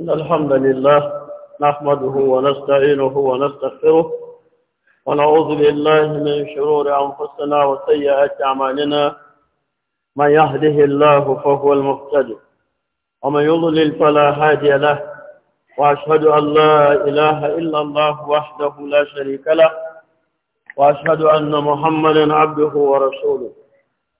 إن الحمد لله نحمده ونستعينه ونستغفره ونعوذ بالله من شرور أنفسنا وسيئات أعمالنا من يهده الله فهو المقتدر ومن يضلل فلا هادي له وأشهد أن لا إله إلا الله وحده لا شريك له وأشهد أن محمدا عبده ورسوله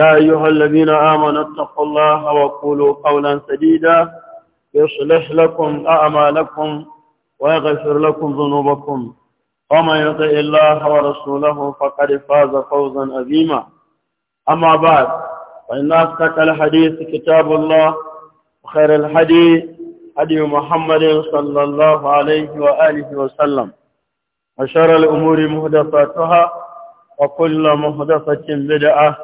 يا أيها الذين آمنوا اتقوا الله وقولوا قولا سديدا يصلح لكم أعمالكم ويغفر لكم ذنوبكم ومن يطع الله ورسوله فقد فاز فوزا عظيما أما بعد فإن أصدق الحديث كتاب الله وخير الحديث هدي محمد صلى الله عليه وآله وسلم وشر الأمور مهدفاتها وكل مهدفة بدعة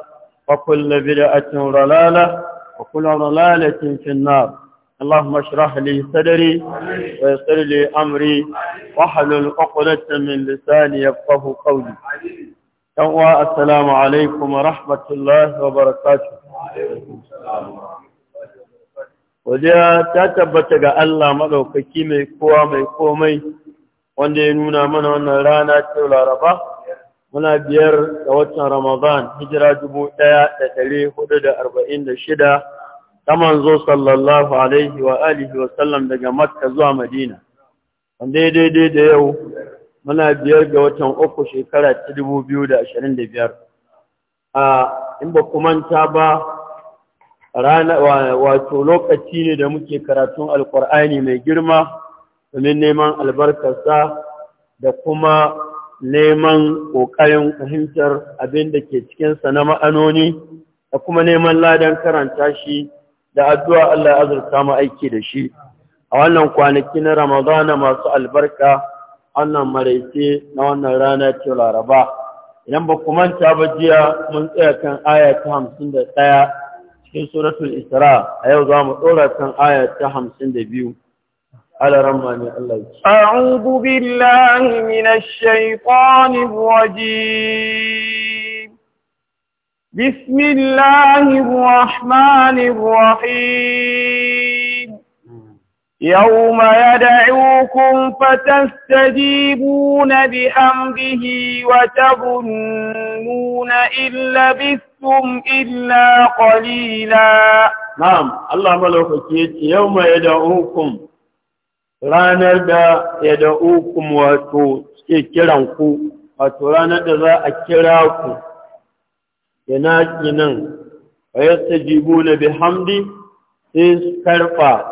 وكل بدعة ضلالة وكل ضلالة في النار اللهم اشرح لي صدري ويسر لي أمري واحلل عقدة من لساني يفقه قولي السلام عليكم ورحمة الله وبركاته Wajiya ta tabbata ga Allah maɗaukaki mai kowa mai komai wanda muna biyar ga watan Ramadan hijira dubu ɗaya da ɗari hudu da arba'in da shida ta manzo sallallahu alaihi wa alihi wa sallam daga Makka zuwa Madina. Wanda daidai da yau muna biyar ga watan uku shekara ta dubu biyu da ashirin da biyar. A in ba manta ba rana wato lokaci ne da muke karatun alkur'ani mai girma domin neman albarkarsa da kuma neman ƙoƙarin fahimtar abin da ke cikinsa na ma'anoni da kuma neman ladan karanta shi da addu'a Allah ya zurta mu aiki da shi a wannan kwanaki na Ramadana masu albarka wannan maraice na wannan rana ce Laraba idan ba ku manta ba jiya mun tsaya kan aya ta 51 cikin suratul Isra a yau za mu ɗora kan aya ta 52 على رماني الله أعوذ بالله من الشيطان الرجيم بسم الله الرحمن الرحيم يوم يدعوكم فتستجيبون بأمره وتظنون إن لبثتم إلا قليلا نعم الله ملوك يوم يدعوكم ranar da ya da'ukum wato ke kiran ku wato ranar da za a kira ku yana kinan wa yastajibu na bihamdi sai su karfa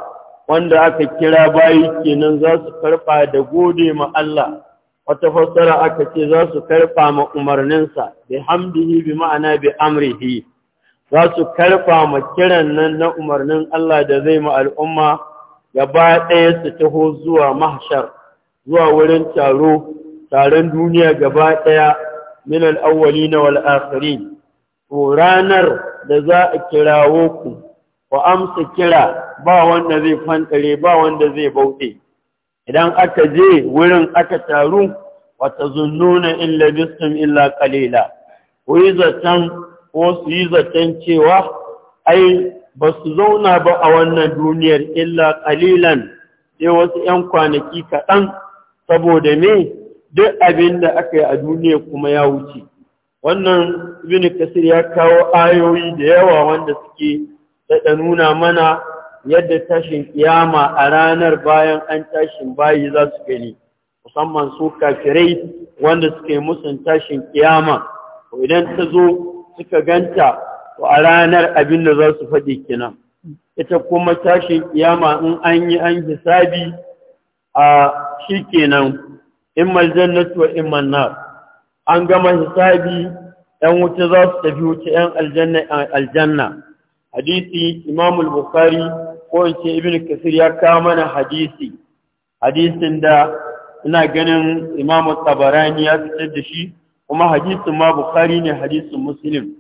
wanda aka kira bayi kenan za su karfa da gode ma Allah wata fassara aka ce za su karfa ma umarninsa bi hamdihi bi ma'ana bi amrihi za su karfa ma kiran nan na umarnin Allah da zai ma al'umma gaba ɗaya su taho zuwa mahshar zuwa wurin taro taron duniya gaba ɗaya min al'awwali na wal'akari to ranar da za a kirawo ku ku amsa kira ba wanda zai fantare ba wanda zai bauɗe idan aka je wurin aka taru wata zunnuna in labistum illa qalila ku yi zaton ko su yi zaton cewa ai ba su zauna ba a wannan duniyar illa ƙalilan sai wasu ‘yan kwanaki kaɗan saboda me duk abin da aka yi a duniya kuma ya wuce. Wannan Ibn Kasir ya kawo ayoyi da yawa wanda suke daɗa nuna mana yadda tashin kiyama a ranar bayan an tashin bayi za su gani, musamman su kafirai wanda suke musun tashin kiyama, idan ta zo suka ganta a ranar abin da za su faɗi kenan ita kuma tashin kiyama in an yi an hisabi a shi kenan in na tuwa in manna an gama hisabi ‘yan wuce za su tafi wuce ‘yan aljanna hadisi imam al-bukhari ko in ce ibn kasir ya kawo mana hadisi hadisin da ina ganin imam tabarani ya fitar da shi kuma hadisin ma bukhari ne hadisin muslim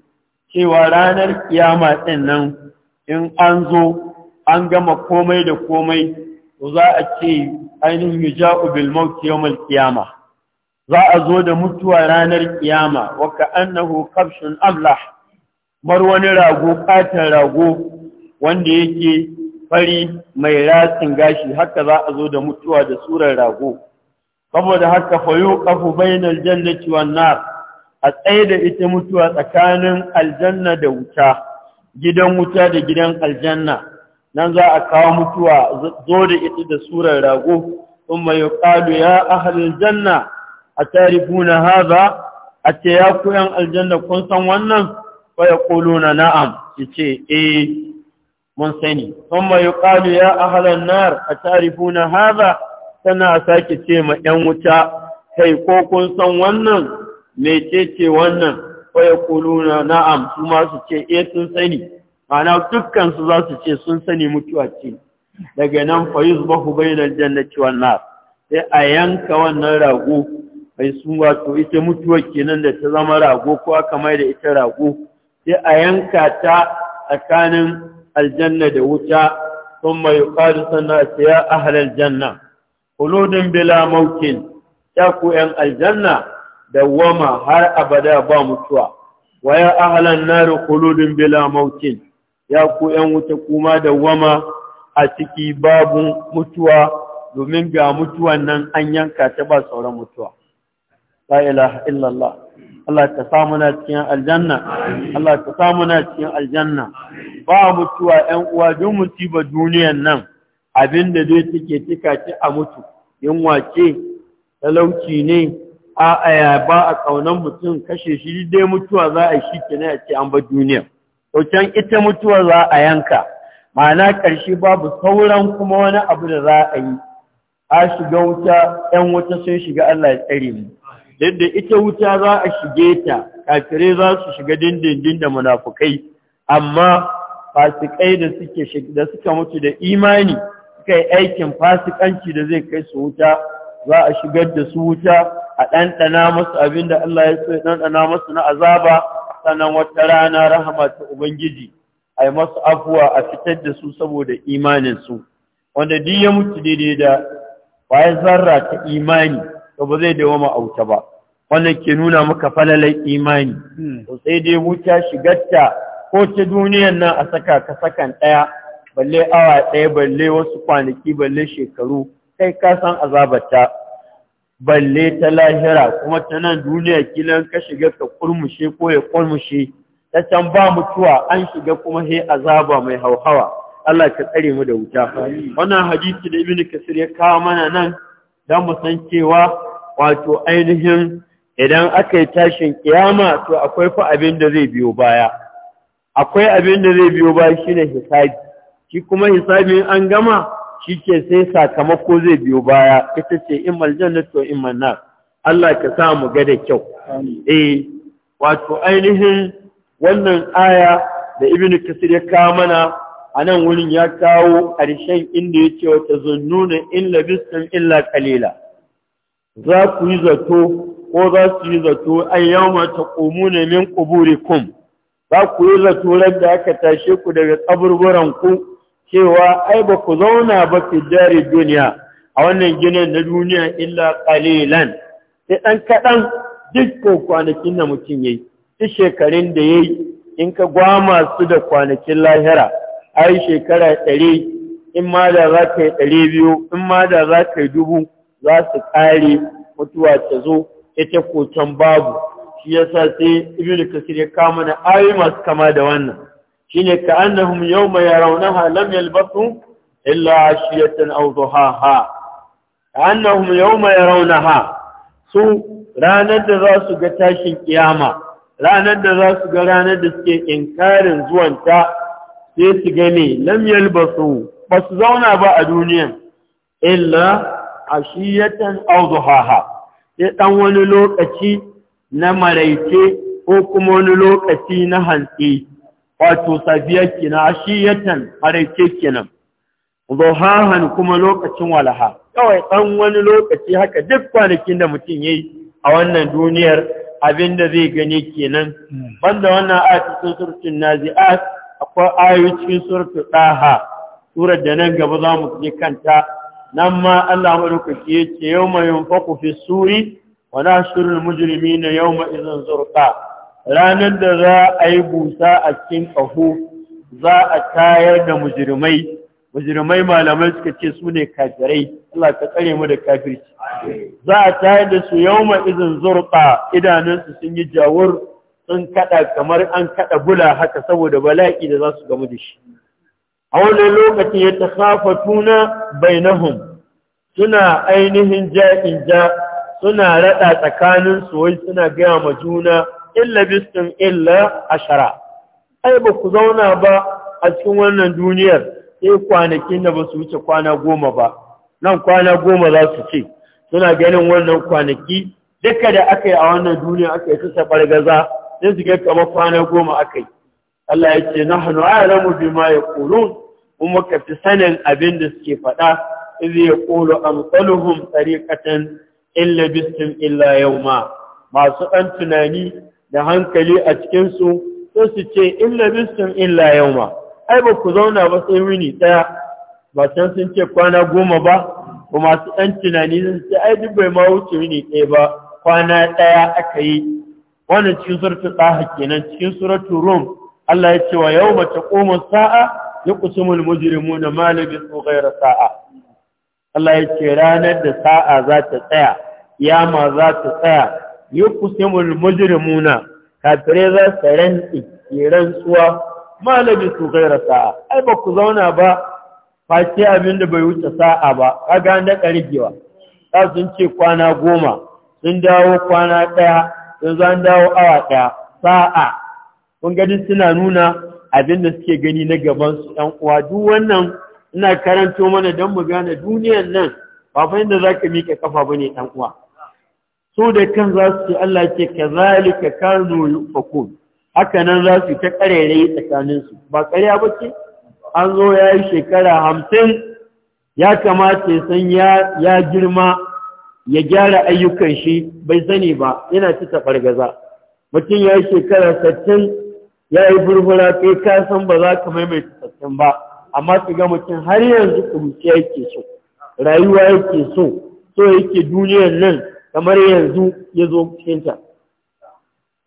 cewa ranar kiyama ɗin nan in an zo an gama komai da komai za a ce ainihin yuja'u bil maut yawmal kiyama za a zo da mutuwa ranar kiyama wa ka'annahu kafshin allah mar wani rago katar rago wanda yake fari mai ratsin gashi haka za a zo da mutuwa da surar rago saboda haka fayo ƙafu jan jannati wan nar a tsaye da ita mutuwa tsakanin aljanna da wuta gidan wuta da gidan aljanna nan za a kawo mutuwa zo da ita da surar rago in mai kalu ya ahalin janna a na haza a ce ya kuyan aljanna kun san wannan fa ya na na'am ya ce eh mun sani In mai kalu ya ahalin nar a na haza tana sake ce ma ‘yan wuta kai ko kun san wannan mecece wannan waya kuluna na'am su su ce eh sun sani ma'ana dukkan su za su ce sun sani mutuwa ce daga nan fa yuzbahu bainal jannati wan nar sai a yanka wannan rago mai sun wato ita mutuwa kenan da ta zama rago ko aka mai da ita rago sai a yanka ta tsakanin aljanna da wuta sun mai yuqalu sanna ya ahlal janna quludun bila mawkin ya ku yan aljanna dawwama har abada ba mutuwa wa ya ahlan nar khuludun bila mautin ya ku yan wuta kuma dawwama a ciki babu mutuwa domin ga mutuwan nan an yanka ta ba sauran mutuwa la ilaha illa Allah ta samu na cikin aljanna Allah ta samu na cikin aljanna ba mutuwa 'yan uwa don musiba duniyar nan abinda dai take tikaci a mutu yunwa ce talauci ne a aya ba a ƙaunar mutum kashe shi dai mutuwa za a shi ke a ce an ba duniya to ita mutuwa za a yanka ma'ana ƙarshe babu sauran kuma wani abu da za a yi a shiga wuta ‘yan wuta sun shiga Allah ya tsare mu yadda ita wuta za a shige ta kafirai za su shiga dindindin da munafukai amma fasikai da suke da suka mutu da imani suka yi aikin fasikanci da zai kai su wuta za a shigar da su wuta a ɗanɗana masu abin da Allah ya so ya ɗanɗana masu na azaba sannan wata rana rahama ta Ubangiji a yi masu afuwa a fitar da su saboda imaninsu wanda duk ya mutu daidai da bayan zarra ta imani to ba zai dawo ma'auta ba wannan ke nuna maka falalai imani hmm. to sai dai wuta shigarta ko ta duniyan nan a saka ka sakan ɗaya balle awa ɗaya balle wasu kwanaki balle shekaru kai ka san azabarta balle ta lahira kuma ta nan duniya kila ka shiga ka kurmushe ko ya kurmushe ta can ba mutuwa an shiga kuma sai azaba mai hauhawa Allah ka tsare mu da wuta wannan hadisi da ibnu kasir ya kawo mana nan dan mu san cewa wato ainihin idan aka yi tashin kiyama to akwai fa abin da zai biyo baya akwai abin da zai biyo baya shine hisabi shi kuma hisabin an gama shi ke sai sakamako zai biyo baya ita ce in na to in manna Allah ka sa mu ga da kyau eh wato ainihin wannan aya da ibnu kasir ya kawo mana a nan wurin ya kawo ƙarshen inda ya ce wata zannuna in labistan illa kalila za ku yi zato ko za su yi zato an yawma ta ƙomuna min kum. za ku yi zato da aka tashe ku daga ku? cewa ai ba ku zauna ba fi dari duniya a wannan ginin na duniya illa ƙalilan. sai ɗan kaɗan duk kwanakin da mutum yayi duk shekarun da ya yi, in ka gwama su da kwanakin lahira ai shekara ɗari in ma da za ka yi biyu in ma da za ka yi dubu za su ƙare mutuwa ta zo ita ko babu shi yasa sai da kasir ya kama na ayi masu kama da wannan shine ka annahum yawma yarawnaha lam yalbathu illa ashiyatan aw duhaha ka annahum mai yarawnaha su ranar da za su ga tashin kiyama ranar da za su ga ranar da suke inkarin zuwanta sai su gane lam yalbasu ba su zauna ba a duniya. illa ashiyatan aw duhaha sai ɗan wani lokaci na maraice ko kuma wani lokaci na hantsi wato safiya kenan ashiyatan haraice kenan zuhahan kuma lokacin walaha kawai ɗan wani lokaci haka duk kwanakin da mutum yayi a wannan duniyar abinda zai gani kenan banda wannan ayatun surtun nazi'at akwai ayoyi cikin suratul daha surar da nan gaba za mu je kanta nan ma Allah madaukaki ya ce yau mai fi suri wa nashrul shirin yawma na zurqa ranar da za a yi busa a cikin ƙaho za a tayar da mujirmai mujirmai malamai suka ce su ne kafirai Allah ka tsare mu da kafirci za a tayar da su yauma izin zurɓa idanunsu sun yi jawur sun kada kamar an kada bula haka saboda bala'i da za su gamu da shi a wani lokacin ya tuna, bainahum suna ainihin ja'in ja suna raɗa tsakanin su wai suna gaya ma juna illa bistin illa ashara ai ba ku zauna ba a cikin wannan duniyar sai kwanakin da ba su wuce kwana goma ba nan kwana goma za su ce suna ganin wannan kwanaki duka da aka yi a wannan duniya aka yi su safar gaza sai su gaka ma kwana goma aka yi Allah ya ce nahnu a'lamu bima yaqulun kuma ka fi sanin abin da suke faɗa ya yaqulu amsaluhum tariqatan illa bistum illa yau ma. masu ɗan tunani da hankali a cikinsu sai su ce illa bisum illa yauma ai ba ku zauna ba sai wuni ɗaya ba can sun ce kwana goma ba kuma su ɗan tunani sun ce ai duk bai ma wuce wuni ɗaya ba kwana ɗaya aka yi wannan cikin suratu ɗaha kenan cikin suratu rum Allah ya ce wa yau mace koma sa'a ya kusumul mujrimu na malibin tsogaira sa'a Allah ya ce ranar da sa'a za ta tsaya yama za ta tsaya yuqsimul mujrimuna kafirai za su rantsi ke rantsuwa malabi su gaira sa'a ai ba ku zauna ba face abin da bai wuce sa'a ba kaga an da kargewa za sun ce kwana goma sun dawo kwana ɗaya sun zan dawo awa ɗaya sa'a kun gani suna nuna abin da suke gani na gaban su ‘yan uwa duk wannan ina karanto mana don mu gane duniyan nan ba fa inda za ka kafa bane ɗan uwa su da kan za su ce Allah ce ka zalika kanu yufakun haka nan za su ta tsakanin tsakaninsu ba karya ba ce an zo ya yi shekara hamsin ya kamata ya san ya girma ya gyara ayyukan shi bai sani ba yana ci fargaza. mutum ya yi shekara sattin ya yi burbura kai ka san ba za ka maimaita sattin ba amma su ga mutum har yanzu kuma yake so rayuwa yake so so yake duniyar nan kamar yanzu ya zo cikinta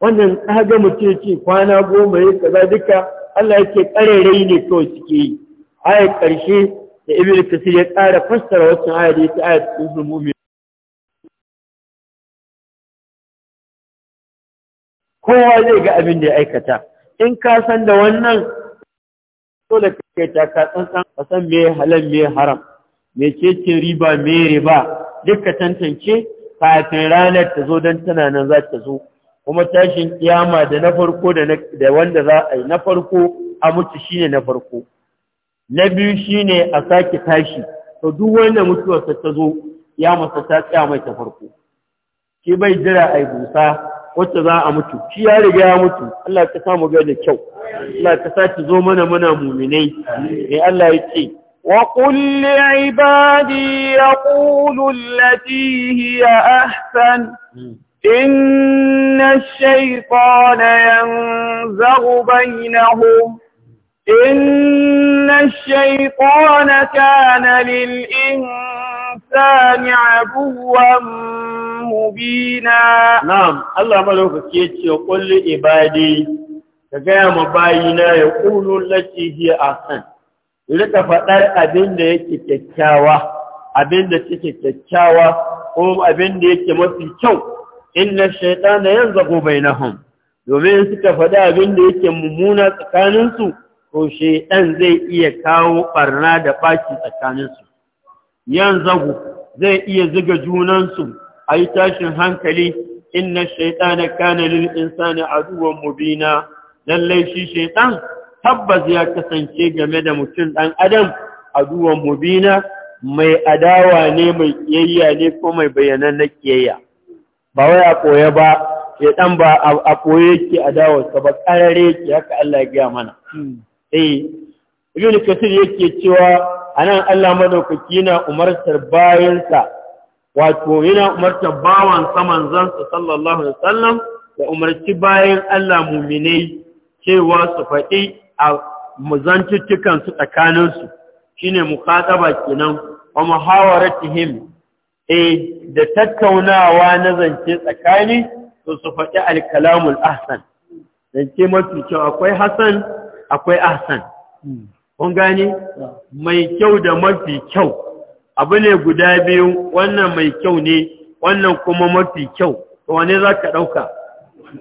wannan ɗaga mutum ce kwana goma ya kaza duka Allah yake karerai ne kawai suke yi ayat karshe da ibn kasir ya ƙara fassara wacin ayat ya yake ayat cikin mai kowa zai ga abin da ya aikata in ka san da wannan dole kai ta ka tsantsan ka san me halal me haram me ce riba me riba duka tantance kafin ranar ta zo don tana nan za ta zo kuma tashin kiyama da na farko da wanda za a yi na farko a mutu shine na farko na biyu ne a sake tashi to duk wanda mutuwarsa ta zo masa ta tsaya mai ta farko shi bai jira a yi busa wacce za a mutu shi ya riga ya mutu Allah ka samu gani da kyau Allah ka sa zo mana muna muminai Me Allah ya ce وقل لعبادي يقولوا التي هي أحسن إن الشيطان ينزغ بينهم إن الشيطان كان للإنسان عدوا مبينا نعم الله ملوك كيتي وقل لعبادي كما باينا يقولوا التي هي أحسن rika faɗar abin da yake kyakkyawa abin da kyakkyawa ko abin da yake mafi kyau inna shaytana na bainahum domin suka faɗi abin da yake mummuna tsakaninsu, su to zai iya kawo barna da ɓaki tsakaninsu. su zago zai iya zuga junan su ayi tashin hankali inna shaytana kana lil insani aduwwan mubina lallai shi shaytan tabbas ya kasance game da mutum ɗan adam a duwan mubina mai adawa ne mai kiyayya ne ko mai bayanan na kiyayya ba wai a koya ba ya ɗan ba a koye yake ka ba ƙarare yake haka Allah ya gaya mana eh ibn kasir yake cewa anan Allah madaukaki yana umartar bayansa wato yana umartar bawan saman zansa sallallahu alaihi wasallam da umarci bayan Allah muminai cewa su faɗi a tsakanin su tsakaninsu shine muqataba kenan wa muhawaratihim eh da tattaunawa na zance tsakani to su faɗi alkalamul ahsan zance mafi kyau akwai hasan akwai ahsan kun gane mai kyau da mafi kyau abu ne guda biyu wannan mai kyau ne wannan kuma mafi kyau to wane za ka ɗauka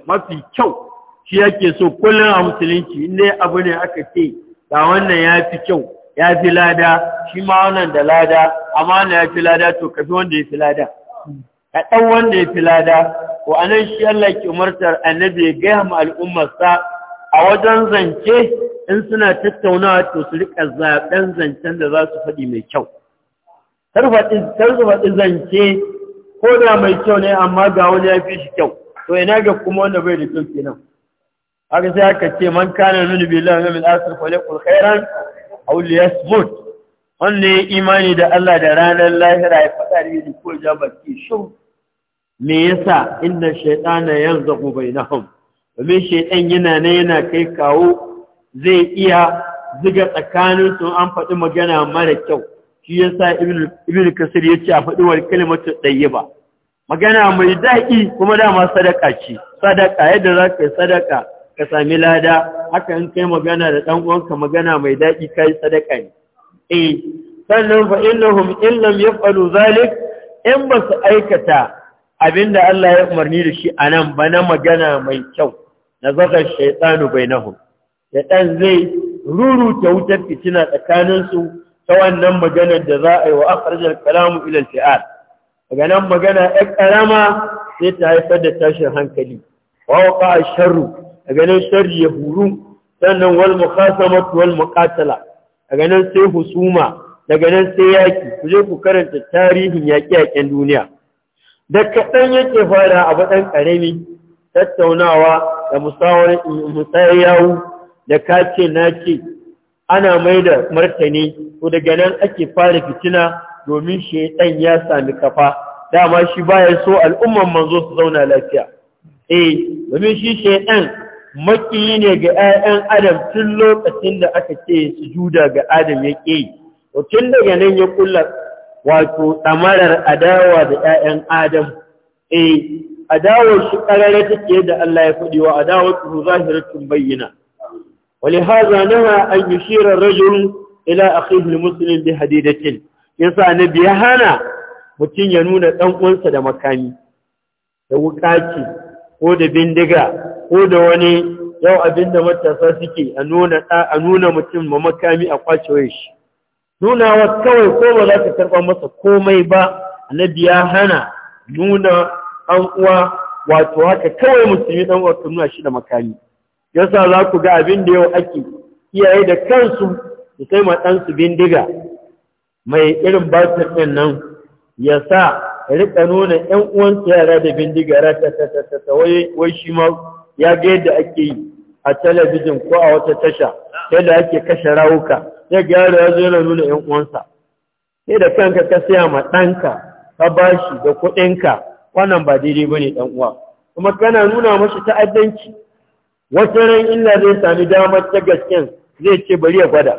mafi kyau shi yake so kullum a musulunci inda abu ne aka ce ga wannan ya fi kyau ya fi lada shi ma wannan da lada amma wannan ya fi lada to ka fi wanda ya fi lada ka ɗan wanda ya fi lada ko anan shi Allah ke umartar annabi ya gaya ma al'ummarsa a wajen zance in suna tattaunawa to su riƙa zaɓen zancen da za su faɗi mai kyau tarfaɗi zance ko da mai kyau ne amma ga wani ya fi shi kyau to ina ga kuma wanda bai da kyau kenan haka sai aka ce man kana nuni billahi min asir fa a wuli ya smut wanda ya imani da Allah da ranar lahira ya fada da ko ja baki shu me yasa inna na na bainahum domin shaytan yana ne yana kai kawo zai iya ziga tsakanin su an faɗi magana mara kyau shi ya yasa ibn kasir ya ce a faɗi wani kalimatu ba. magana mai daɗi kuma dama sadaka ce sadaka yadda za ka yi sadaka ka sami lada haka in kai magana da ɗan uwanka magana mai daɗi kai sadaka ne eh sannan fa innahum in lam yaf'alu zalik in ba su aikata abinda Allah ya umarni da shi anan ba na magana mai kyau na zaka shaytanu bainahum shaytan zai ruruta wutar fitina su ta wannan maganar da za a yi wa akhrajal kalamu ilal fi'al daga nan magana ɗan karama sai ta haifar da tashin hankali wa waqa'a sharru daga nan sharri ya huru sannan wal muqasamatu wal muqatala daga nan sai husuma daga nan sai yaki ku je ku karanta tarihin yaƙe duniya da kaɗan yake fara a baɗan ƙarami tattaunawa da musayar yawu da kace na ana mai da martani ko daga nan ake fara fitina domin shaidan ya sami kafa dama shi baya so al'umman manzo su zauna lafiya eh domin shi shaidan maƙiyi ne ga 'ya'yan adam tun lokacin da aka ce sujuda ga adam ya ƙe, tun daga nan ya kulla wato ɗamarar adawa da 'ya'yan adam eh adawar shi ƙarare take da Allah ya faɗi wa adawar su zahiratun bayyana wani zane ha an yi shirar rajin ila akhihul muslim bi hadidatin yasa na biya hana mutum ya nuna ɗan da makami da wuƙaci ko da bindiga ko da wani yau abinda matasa suke a nuna a nuna mutum ma makami a kwace shi nunawa kawai ko ba za ka karɓa masa komai ba annabi ya hana nuna an uwa wato haka kawai musulmi dan uwa nuna shi da makami yasa za ku ga abin da yau ake iyaye da kansu su kai ma bindiga mai irin batir ɗin nan ya sa rika nuna ‘yan uwansa yara da bindiga rata ta ta ta wai shi ma ya ga yadda ake yi a talabijin ko a wata tasha yadda ake kashe rawuka ya ga yaro ya zo yana nuna yan uwansa sai da kanka ka saya ma ɗanka ka bashi da kuɗinka wannan ba daidai bane ɗan uwa kuma kana nuna mashi ta'addanci Wata ran illa zai sami damar ta gasken zai ce bari ya gwada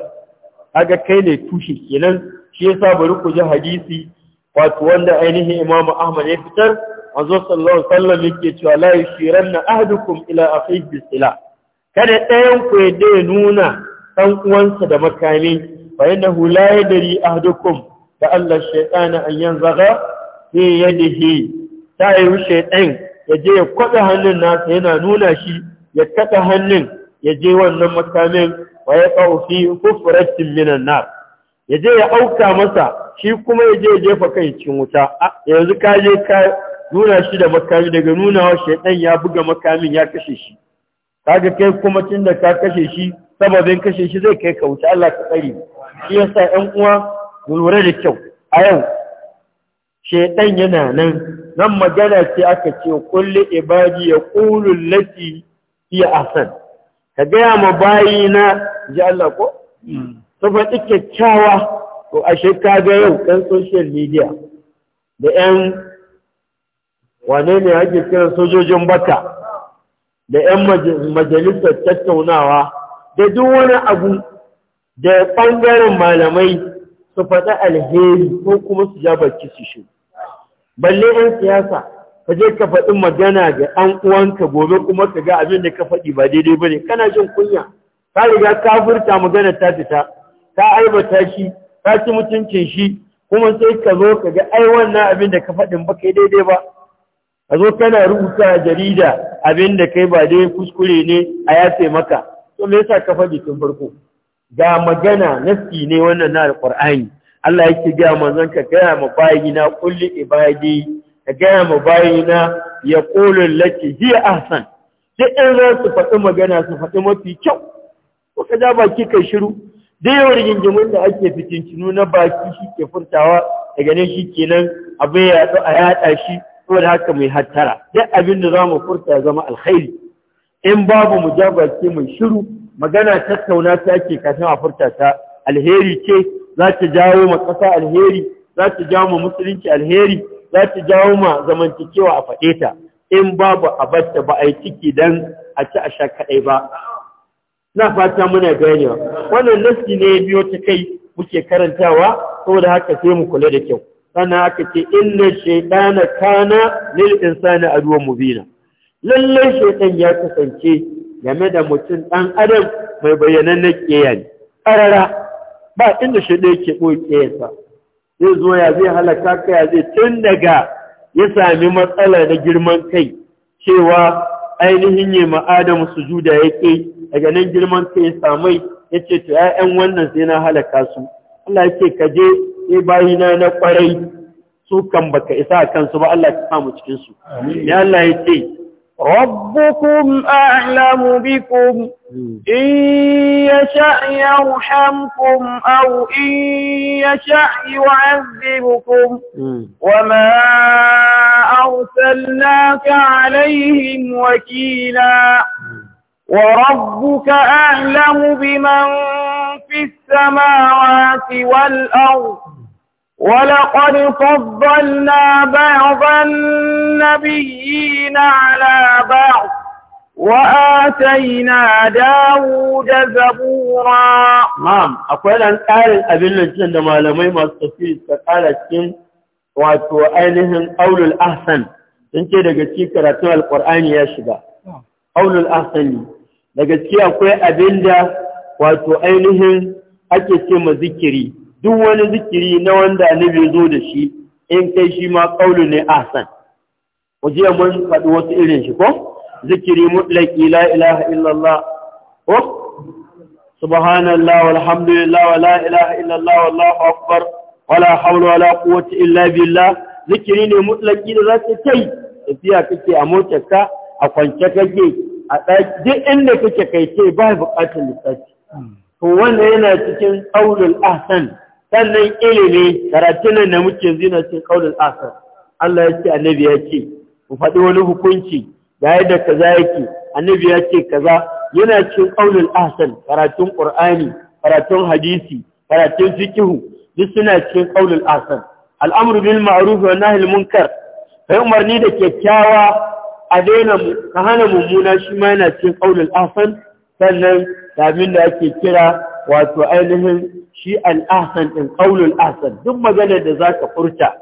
aga kai ne tushe kenan shi yasa bari ku ji hadisi wato wanda ainihin Imam Ahmad ya fitar manzo sallallahu alaihi wasallam yake cewa la yushiranna ahdukum ila akhihi bisila kada ɗayan ku ya nuna dan uwansa da makami fa innahu la yadri ahadukum da Allah shaytana an yanzaga fi yadihi ta yi shaytan ya je ya kwada hannun nasa yana nuna shi ya kada hannun ya je wannan makamin wa ya qaw fi kufratin minan nar ya ya auka masa shi kuma ya je jefa kai cikin wuta yanzu ka je ka nuna shi da makami daga nunawa shaidan ya buga makamin ya kashe shi kaga kai kuma tunda da ka kashe shi sababin kashe shi zai kai ka wuce Allah ka tsare shi yasa ƴan uwa mu lura da kyau a yau shaidan yana nan nan magana ce aka ce kulli Ibaji ya qulu lati hiya ahsan ka gaya ma bayina ji Allah ko ta faɗi kyakkyawa to ashe kaga yau ɗan social media da 'yan wane ne ake kiran sojojin baka da 'yan majalisar tattaunawa da duk wani abu da ɓangaren malamai su faɗi alheri ko kuma su ja baki su shi balle 'yan siyasa ka je ka faɗi magana ga 'yan uwanka gobe kuma ka ga abin da ka faɗi ba daidai ba ne kana jin kunya ka riga ka furta magana ta fita ka aibata shi ka ci mutuncin shi kuma sai ka zo ka ga ai wannan abin da ka faɗin ba kai daidai ba ka zo kana rubuta jarida abin da kai ba dai kuskure ne a yafe maka to me yasa ka faɗi tun farko ga magana nasi ne wannan na alqur'ani Allah yake ga manzon ka ga ma na kulli ibadi ka ga ma ya yaqulu lati hi ahsan duk in za su faɗi magana su faɗi mafi kyau ko ka ja baki kai shiru da yawar rigingimin da ake fitincinu na baki shi ke furtawa daga nan shi kenan abin ya yaɗu a yaɗa shi saboda haka mai hattara duk abin da za mu furta ya zama alkhairi in babu mu jabace mai shiru magana tattauna ta ake kafin a furta ta alheri ce za ta jawo ma ƙasa alheri za ta jawo ma musulunci alheri za ta jawo ma zamantakewa a faɗe ta in babu abarta ba a yi ciki don a ci a sha kaɗai ba na fata muna ganewa wannan nasi ne biyo ta kai muke karantawa saboda haka sai mu kula da kyau sana aka ce inna na kana lil insani mu mubina lallai shaitan ya kasance game da mutum ɗan adam mai bayanan na ne ƙarara ba inda shaitan yake ɓoye ƙeyarsa zai zo ya zai halaka ka ya zai tun daga ya sami matsala na girman kai cewa ainihin yi adam sujuda yake daga nan girman kai ya samai yace ce to ‘ya'yan wannan sai na halaka su Allah yake ka je sai bayina na kwarai su kan baka isa a kansu ba Allah ka samu cikin su ya Allah ya ce rabbukum a'lamu bikum in yasha yarhamkum aw in yasha yu'adhibukum wama arsalnaka alaihim wakila وربك أعلم بمن في السماوات والأرض ولقد فضلنا بعض النبيين على بعض وآتينا داود زبورا نعم أقول أن قال أبن الجنة ما لمي ما استفيد فقال الشم واتو أينهم قول الأحسن أنت دقتي كراتنا القرآن يا شباب قول الأحسن دقتي أقول أبن دا واتو أينهم أكتم ذكري duk wani zikiri na wanda annabi ya zo da shi in kai shi ma qaulu ne ahsan waje mun faɗi wasu irin shi ko zikiri mutlaqi la ilaha illallah ko subhanallah walhamdulillah la ilaha illallah wallahu akbar wala hawla wala quwwata illa billah zikiri ne mutlaqi da za ka kai tafiya kake a motarka a kwance kake a ɗaki duk inda kake kai ce ba buƙatar lissafi to wanda yana cikin qaulul ahsan sannan ilimi karatunan da muke zina cin kaulin asar Allah ya ce annabi ya ce mu faɗi wani hukunci ga da kaza yake annabi ya ce kaza yana cin kaulin asar karatun Ƙur'ani, karatun hadisi karatun sikihu, duk suna cikin kaulin asar al'amru bil ma'ruf wa nahy munkar kai umarni da kyakkyawa a daina ka hana mummuna shi ma yana cikin kaulin asar sannan da abin da ake kira wato ainihin shi al'asan ɗin ƙaunul asan duk maganar da za ka furta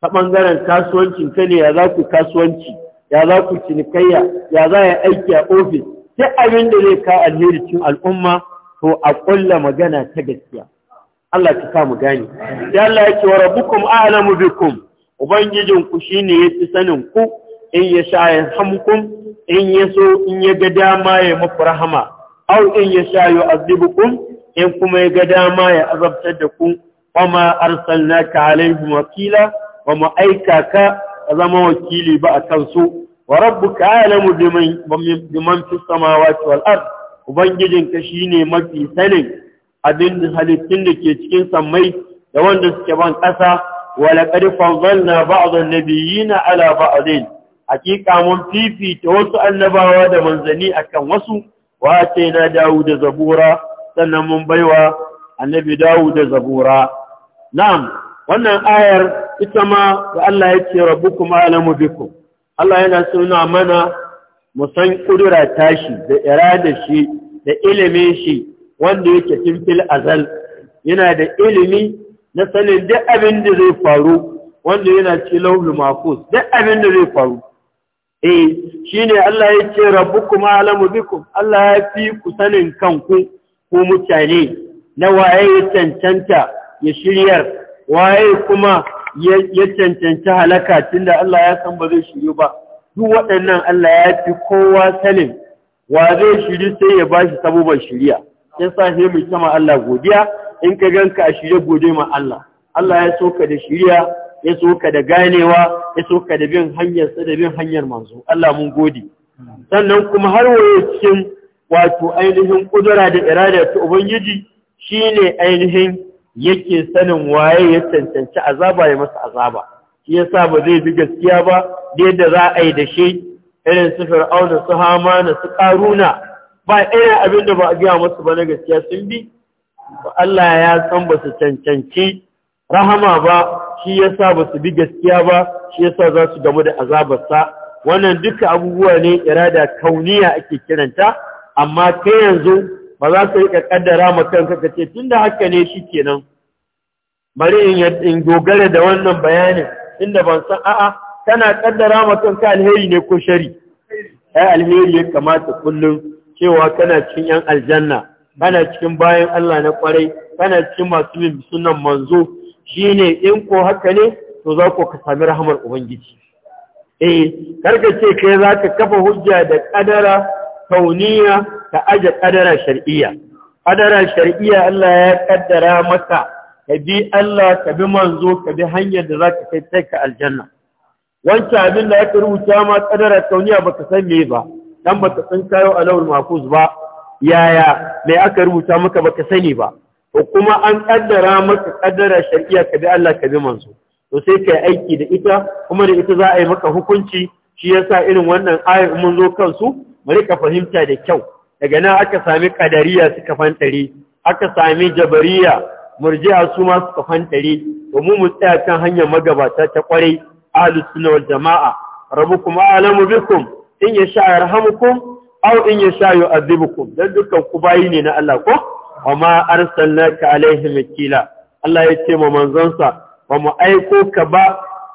ta ɓangaren kasuwancin ka ne ya za ku kasuwanci ya za ku cinikayya ya za ya aiki a ofis duk abin da zai ka alheri cikin al'umma to a ƙulla magana ta gaskiya Allah ka sa mu gane sai Allah ya ce wa rabbukum a'lamu bikum ubangijin ku shine fi sanin ku in ya sha ya hamkum in ya so in ya ga dama ya muku rahama aw in ya sha yu'azibukum in kuma ya ga dama ya azabtar da ku wama arsalnaka alaihim wakila wa mu aika ka zama wakili ba a kansu wa rabbuka alamu biman fi samawati wal ard ubangijinka shine mafi sanin abin halittun da ke cikin sammai da wanda suke ban ƙasa wa laqad fadhalna ba'dhan nabiyina ala ba'dhin hakika mun fifita wasu annabawa da manzani akan wasu wa dawo da zabura sannan mun baiwa annabi dawo da zabura na'am wannan ayar ita ma da Allah ya ce rabbukum alamu bikum Allah yana suna mana mu san kudura tashi da irada shi da ilimi shi wanda yake tun fil azal yana da ilimi na sanin duk abin da zai faru wanda yana ci lauhul mafus duk abin da zai faru eh shine Allah ya ce rabbukum alamu bikum Allah ya fi ku sanin kanku Ko mutane na waye ya cancanta ya shiryar waye kuma ya cancanci halaka tunda Allah ya san ba zai shiryu ba duk waɗannan Allah ya fi kowa sanin wa zai shiryu sai ya bashi sabuban shirya. sai sa sai mu kama Allah godiya in ka ganka a shirye gode ma Allah Allah ya soka da shirya, ya soka da ganewa ya soka da bin hanyar sa da bin hanyar manzo Allah mun gode sannan kuma har waye cikin wato ainihin kudura da irada ta ubangiji shine ainihin yake sanin waye ya cancanci azaba ya masa azaba shi yasa ba zai bi gaskiya ba da za a yi da shi irin su fir'auna su hamana su karuna ba irin abin da ba a gaya masu ba na gaskiya sun bi Allah ya san ba su cancanci rahama ba shi yasa ba su bi gaskiya ba shi yasa za su gamu da azabarsa wannan duka abubuwa ne irada kauniya ake kiranta amma kai yanzu ba za ka riƙa kaddara ma kanka ka ce tunda haka ne shi kenan bari in dogara da wannan bayanin inda ban san a'a kana kaddara ma kanka alheri ne ko shari ai alheri ya kamata kullum cewa kana cikin yan aljanna kana cikin bayan Allah na kwarai kana cikin masu bin sunan manzo shine in ko haka ne to za ku ka sami rahamar ubangiji eh karka ce kai za ka kafa hujja da kadara kauniya ta aje ƙadara shar'iyya ƙadara shar'iyya Allah ya ƙaddara maka ka bi Allah ka bi manzo ka bi hanyar da za ka kai sai ka aljanna wancan abin da aka rubuta ma ƙadara kauniya baka san me ba dan baka san kayo alawul mahfuz ba yaya mai aka rubuta maka baka sani ba ko kuma an ƙaddara maka ƙadara shar'iyya ka bi Allah ka bi manzo to sai ka yi aiki da ita kuma da ita za a yi maka hukunci shi yasa irin wannan ayar mun zo kansu mu rika fahimta da kyau daga nan aka sami kadariya suka fantare aka sami jabariya murji'a su ma suka fantare to mu mu tsaya kan hanyar magabata ta kwarai ahli sunna wal jamaa rabbukum a'lamu bikum in yasha yarhamukum aw in yasha yu'adhibukum dan dukkan ku bayi ne na Allah ko amma arsalnaka alaihim wakila Allah ya ce ma manzonsa ba mu aiko ka ba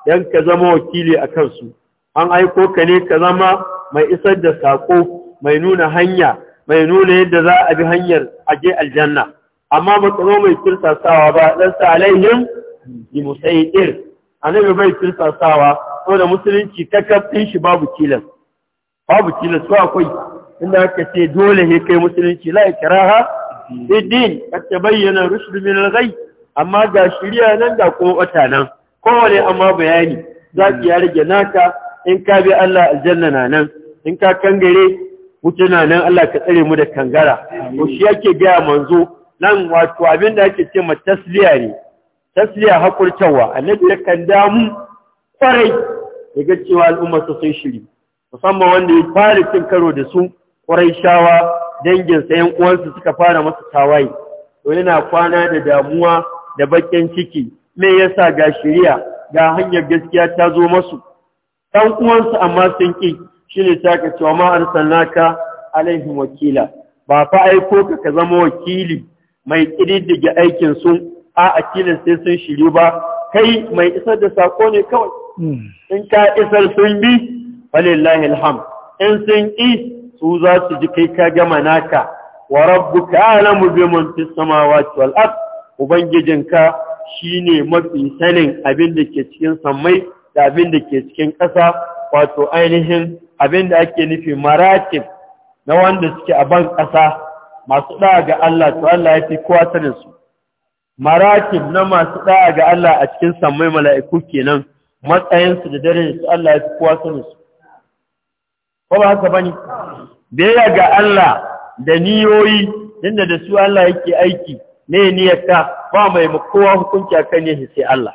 dan ka zama wakili a kansu an aiko ka ne ka zama mai isar da sako mai nuna hanya mai nuna yadda za a bi hanyar aje aljanna amma ba tsaro mai kirsasawa ba dan sa alaihim bi A annabi bai kirsasawa ko da musulunci kakkab din shi babu tilas babu tilas ko akwai inda aka ce dole ne kai musulunci la ikraha bidin kad bayyana rushd min al amma ga shari'a nan da kuma wata nan kowane amma bayani Zaki ki ya rage naka in ka bi Allah aljanna na nan in ka kangare wuce na nan Allah ka tsare mu da kangara ko shi yake gaya manzo nan wato abin da ake ce ma tasliya ne tasliya hakurtawa annabi ya kan damu kwarai daga cewa al'umma su sun shiri musamman wanda ya fara cin karo da su kwarai shawa dangin 'yan uwansu suka fara masa tawaye to yana kwana da damuwa da bakin ciki me yasa ga shiriya ga hanyar gaskiya ta zo masu ɗan uwansu amma sun ƙi shine ne ta ka cewa ma arsalnaka alaihim wakila ba fa aiko ka ka zama wakili mai kididdige aikin su a akilin sai sun shiryu ba kai mai isar da sako ne kawai hmm. in ka isar sun bi falillahi alham in sun ƙi su za su ji kai ka gama naka wa rabbuka alamu biman fi samawati wal ard ubangijinka shine mafi sanin abin da ke cikin sammai da abin da ke cikin ƙasa wato ainihin abin da ake nufi maratib na wanda suke a ban ƙasa masu ɗa'a ga Allah to Allah ya fi kowa sanin su maratib na masu ɗa'a ga Allah a cikin sammai mala'iku kenan matsayinsu da dare su Allah ya fi kowa sanin su ko ba haka bane ya ga Allah da niyoyi inda da su Allah yake aiki ne niyyarka ba mai kowa hukunci akan yin sai Allah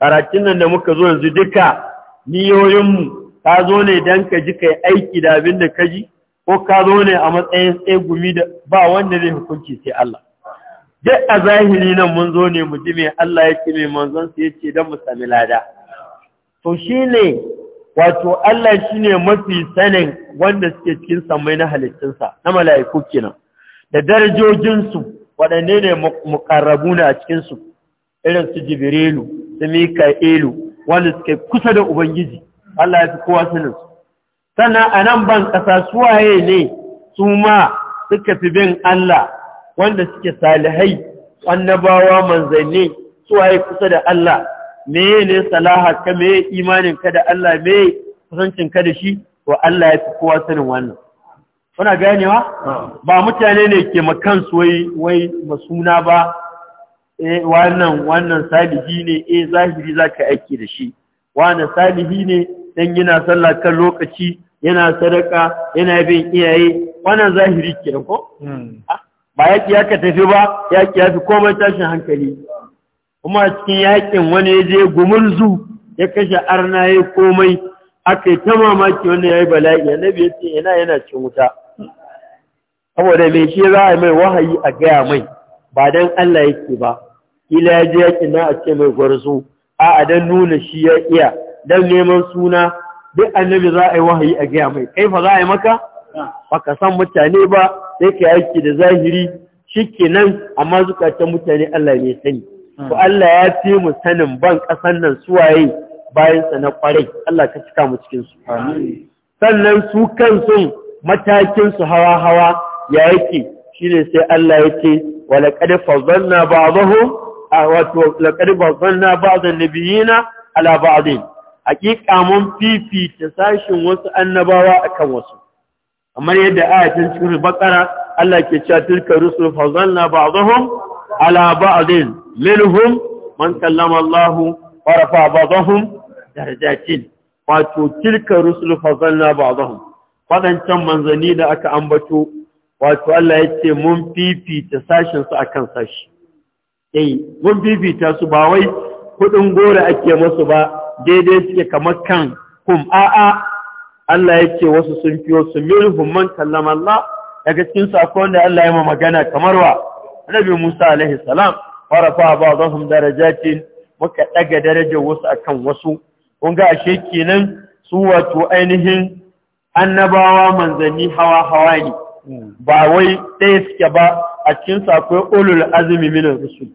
karatun nan da muka zo yanzu duka niyoyinmu ka zo ne don ka ji kai aiki da abin da ka ji ko ka zo ne a matsayin tsegumi da ba wanda zai hukunci sai Allah duk a zahiri nan mun zo ne mu ji mai Allah ce mai manzon ya yace don mu sami lada to ne wato Allah shine mafi sanin wanda suke cikin samai na halittunsa na mala'iku kenan da darajojinsu waɗanne ne na a cikinsu irin su jibrilu su mika'ilu wanda suke kusa da ubangiji Allah ya fi kowa sanin su sannan a nan ban ƙasa suwaye ne su ma suka fi bin Allah wanda suke salihai annabawa manzanni suwaye kusa da Allah meye ne salaha ka meye imanin ka da Allah meye kusancin ka da shi wa Allah ya fi kowa sanin wannan kuna ganewa ba mutane ne ke makansu wai wai masuna ba E, wannan wannan salihi ne E, zahiri za ka aiki da shi wannan salihi ne dan yana sallah kan lokaci yana sadaka yana bin iyaye wannan zahiri ke ko hmm. ba ki ya tafi ba ya ya fi komai tashin hankali kuma cikin yakin wani ya je gumurzu ya kashe arna ya komai aka yi ta mamaki wanda ya yi bala'i annabi ya ce yana yana cin wuta saboda mai shi za a mai wahayi a gaya mai ba dan Allah yake ba ila ya je yakin na a ce mai gwarzo a a dan nuna shi ya iya Dan neman suna duk annabi za a yi wahayi a gaya mai kai fa za a yi maka baka san mutane ba sai ka aiki da zahiri shikenan amma zukatan mutane Allah ne sani ko Allah ya fi mu sanin ban kasan nan suwaye bayan sa na kwarai Allah ka cika mu cikin su sannan su kansu matakin su hawa hawa ya yake shine sai Allah ya ce wala qad faddalna ba'dahu wa laqad faddalna ba'd an-nabiyina ala ba'din hakika mun fifita sashin wasu annabawa akan wasu kamar yadda ayatun cikin bakara Allah ke cewa tilka rusul fazalna ba'dhum ala ba'din minhum man kallama Allah wa rafa ba'dhum darajatin wato tilka rusul fazalna ba'dhum wadancan manzani da aka ambato wato Allah ya ce mun fifita sashin su akan sashi eh mun fifita su ba wai kudin gora ake musu ba daidai suke kamar kan hum a'a Allah ya ce wasu sun fi wasu minhum man kallama Allah daga cikin sako wanda Allah ya ma magana kamar wa nabi Musa alaihi salam farafa ba'dhum darajatin muka daga darajar wasu akan wasu kun ga ashe kenan su wato ainihin annabawa manzanni hawa hawa ne hmm. ba wai ɗaya suke ba a cikin sako ulul azumi min rusul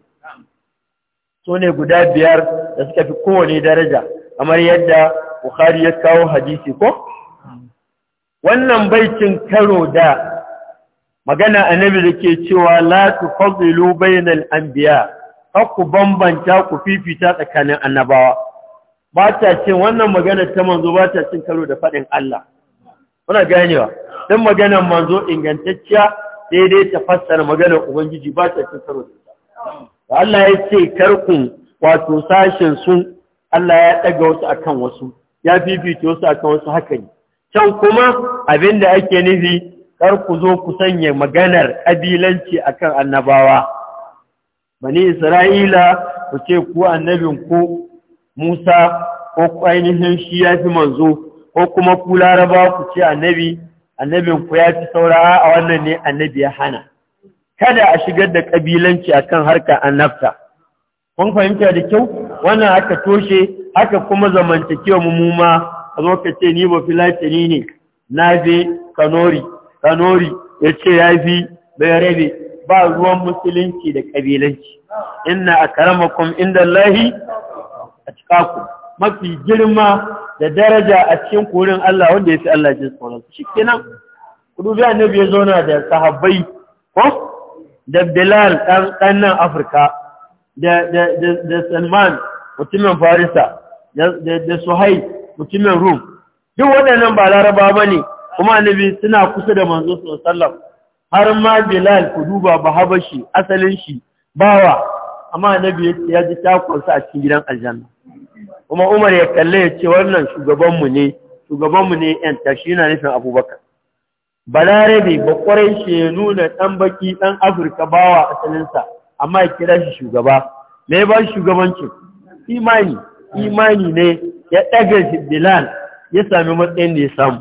su ne guda biyar da suka fi kowane daraja kamar yadda bukhari ya kawo hadisi ko wannan baikin karo da magana annabi da ke cewa la tufadilu bainal biya, ku bambanta ku fifita tsakanin annabawa ba ta cin wannan magana ta manzo ba ta cin karo da faɗin Allah kuna ganewa don maganar manzo ingantacciya daidai ta fassara maganar ubangiji ba ta cin karo da Allah ya ce tarkun wato sashen sun Allah ya ɗaga wasu akan wasu ya fifita wasu akan wasu haka ne can kuma abin da ake nufi kar ku zo ku sanya maganar ƙabilanci akan annabawa bani isra'ila ku ce ku annabin ku musa ko ainihin shi ya fi manzo ko kuma ku laraba ku ce annabi annabin ku ya fi saura a wannan ne annabi ya hana kada a shigar da kabilanci kan harka an nafta, kun fahimta da kyau wannan aka toshe aka kuma zamantakewa muma a zo ka ce ni ba filatini ne na fi kanori kanori ya ce ya fi bai rabe ba ruwan musulunci da kabilanci inna a cika ku, mafi girma da daraja a cikin kurin Allah wanda ya fi Allah jinsu wani. shi kenan ku dubi annabi ya zauna da sahabbai ko da bilal ɗan nan afirka da salman mutumin farisa da suhai mutumin rum duk waɗannan ba laraba ba ne kuma annabi suna kusa da manzo sallam har ma bilal ku duba ba habashi asalin shi bawa amma annabi ya ji takwarsa a cikin gidan aljanna kuma umar ya kalle ya ce wannan shugabanmu ne shugabanmu ne yan tashi yana nufin abubakar balarabe ba kwarai shi ya nuna ɗan baki ɗan afirka bawa asalinsa amma ya kira shi shugaba me ba shugabancin imani imani ne ya ɗaga shi bilal ya sami matsayin da ya samu